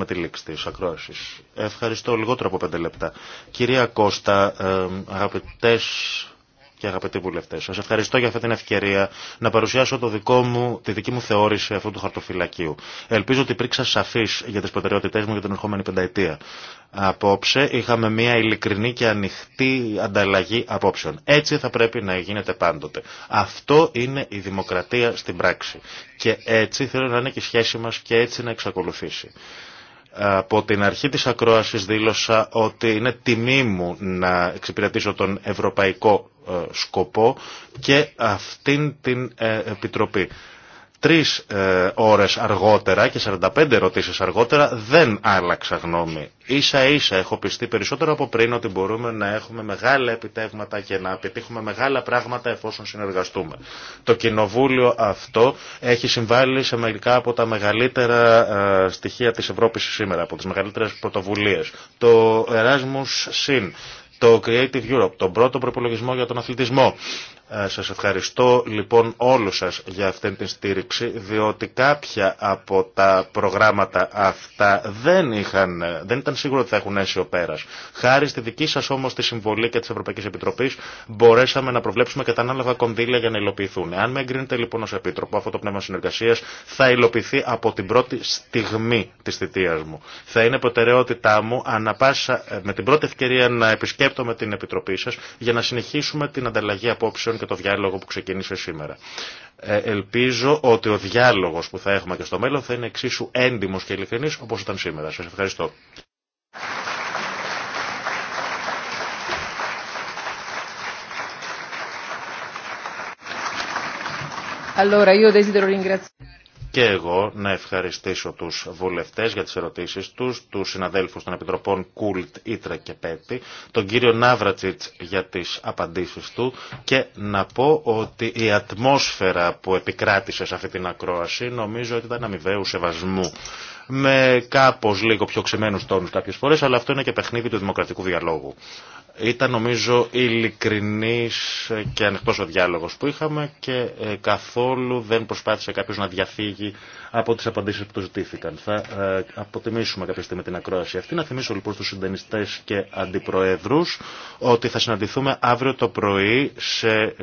με τη λήξη τη ακρόαση. Ευχαριστώ λιγότερο από πέντε λεπτά. Κυρία Κώστα, ε, αγαπητέ, και αγαπητοί βουλευτέ. Σα ευχαριστώ για αυτή την ευκαιρία να παρουσιάσω το δικό μου, τη δική μου θεώρηση αυτού του χαρτοφυλακίου. Ελπίζω ότι υπήρξα σαφή για τι προτεραιότητέ μου για την ερχόμενη πενταετία. Απόψε είχαμε μια ειλικρινή και ανοιχτή ανταλλαγή απόψεων. Έτσι θα πρέπει να γίνεται πάντοτε. Αυτό είναι η δημοκρατία στην πράξη. Και έτσι θέλω να είναι και η σχέση μα και έτσι να εξακολουθήσει. Από την αρχή της ακρόασης δήλωσα ότι είναι τιμή μου να εξυπηρετήσω τον ευρωπαϊκό ε, σκοπό και αυτήν την ε, επιτροπή τρεις ε, ώρες αργότερα και 45 ερωτήσεις αργότερα δεν άλλαξα γνώμη. Ίσα ίσα έχω πιστεί περισσότερο από πριν ότι μπορούμε να έχουμε μεγάλα επιτεύγματα και να επιτύχουμε μεγάλα πράγματα εφόσον συνεργαστούμε. Το κοινοβούλιο αυτό έχει συμβάλει σε μερικά από τα μεγαλύτερα ε, στοιχεία της Ευρώπης σήμερα, από τις μεγαλύτερες πρωτοβουλίες. Το Erasmus Sin το Creative Europe, τον πρώτο προπολογισμό για τον αθλητισμό. Ε, σας ευχαριστώ λοιπόν όλους σας για αυτήν την στήριξη, διότι κάποια από τα προγράμματα αυτά δεν, είχαν, δεν ήταν σίγουρο ότι θα έχουν αίσιο πέρας. Χάρη στη δική σας όμως τη συμβολή και της Ευρωπαϊκής Επιτροπής μπορέσαμε να προβλέψουμε και τα ανάλογα κονδύλια για να υλοποιηθούν. Αν με εγκρίνετε λοιπόν ως Επίτροπο αυτό το πνεύμα συνεργασίας θα υλοποιηθεί από την πρώτη στιγμή της θητείας μου. Θα είναι προτεραιότητά μου ανα ε, με την πρώτη ευκαιρία να συνθέτω με την Επιτροπή σας για να συνεχίσουμε την ανταλλαγή απόψεων και το διάλογο που ξεκίνησε σήμερα. Ε, ελπίζω ότι ο διάλογος που θα έχουμε και στο μέλλον θα είναι εξίσου έντιμος και ειλικρινής όπως ήταν σήμερα. Σας ευχαριστώ. Allora, io desidero ringraziare και εγώ να ευχαριστήσω τους βουλευτές για τις ερωτήσεις τους, τους συναδέλφους των Επιτροπών Κούλτ, Ήτρα και Πέτη, τον κύριο Ναύρατσιτς για τις απαντήσεις του και να πω ότι η ατμόσφαιρα που επικράτησε σε αυτή την ακρόαση νομίζω ότι ήταν αμοιβαίου σεβασμού με κάπως λίγο πιο ξεμένους τόνους κάποιες φορές, αλλά αυτό είναι και παιχνίδι του δημοκρατικού διαλόγου. Ήταν νομίζω ειλικρινής και ανοιχτός ο διάλογος που είχαμε και ε, καθόλου δεν προσπάθησε κάποιος να διαφύγει από τις απαντήσεις που του ζητήθηκαν. Θα ε, αποτιμήσουμε κάποια στιγμή την ακρόαση αυτή. Να θυμίσω λοιπόν στους συντενιστές και αντιπροεδρούς ότι θα συναντηθούμε αύριο το πρωί σε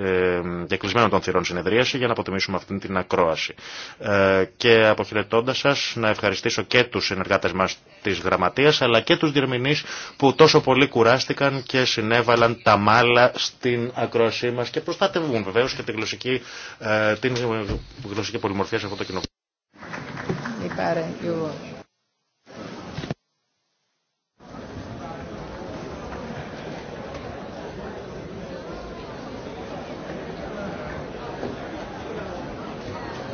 ε, των θυρών συνεδρίαση για να αποτιμήσουμε αυτή την ακρόαση. Ε, και αποχαιρετώντα σα να ευχαριστήσω και τους συνεργάτες μας της Γραμματείας αλλά και τους διερμηνείς που τόσο πολύ κουράστηκαν και συνέβαλαν τα μάλα στην ακρόασή μα και προστατεύουν βεβαίω και την γλωσσική, ε, την γλωσσική πολυμορφία σε αυτό το κοινό.